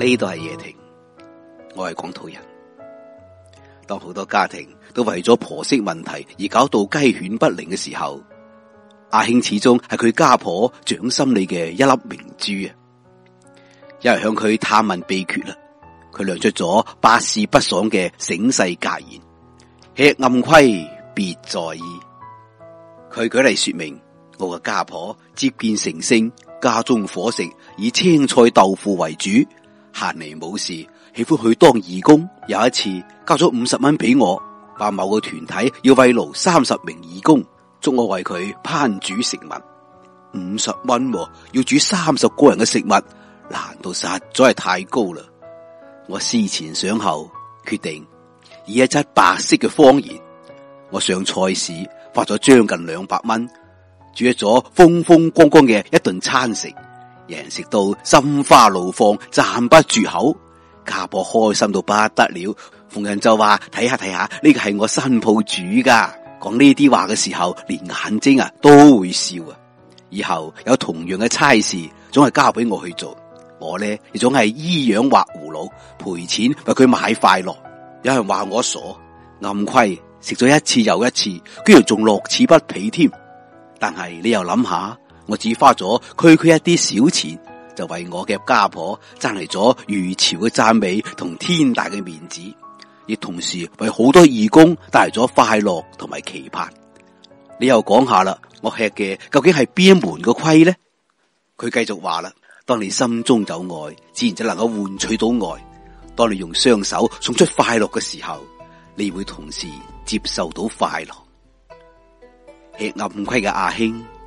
呢度係夜亭，我係廣土人。當好多家庭都為咗婆媳問題而搞到雞犬不寧嘅時候，阿興始終係佢家婆掌心裏嘅一粒明珠啊！因為向佢探問秘訣啦，佢亮出咗百事不爽嘅醒世格言：吃暗虧別在意。佢舉例說明：我嘅家婆接變成性，家中伙食以青菜豆腐為主。閒嚟冇事，喜歡去當義工。有一次交咗五十蚊俾我，話某個團體要慰勞三十名義工，祝我為佢烹煮食物。五十蚊喎，要煮三十個人嘅食物，難度實在係太高啦！我思前想後，決定以一則白色嘅謊言，我上菜市花咗將近兩百蚊，煮咗風風光光嘅一頓餐食。人食到心花怒放，讚不住口，家婆開心到不得了。逢人就話睇下睇下，呢、這個係我新抱煮噶。講呢啲話嘅時候，連眼睛啊都會笑啊。以後有同樣嘅差事，總係交俾我去做。我呢，亦總係依樣畫葫蘆，賠錢為佢買快樂。有人話我傻暗虧，食咗一次又一次，居然仲樂此不疲添。但係你又諗下。我只花咗區區一啲小錢，就為我嘅家婆爭嚟咗如潮嘅讚美同天大嘅面子，亦同時為好多義工帶嚟咗快樂同埋期盼。你又講下啦，我吃嘅究竟係邊一門嘅虧呢？佢繼續話啦：當你心中有愛，自然就能夠換取到愛。當你用雙手送出快樂嘅時候，你會同時接受到快樂。吃暗虧嘅阿兄。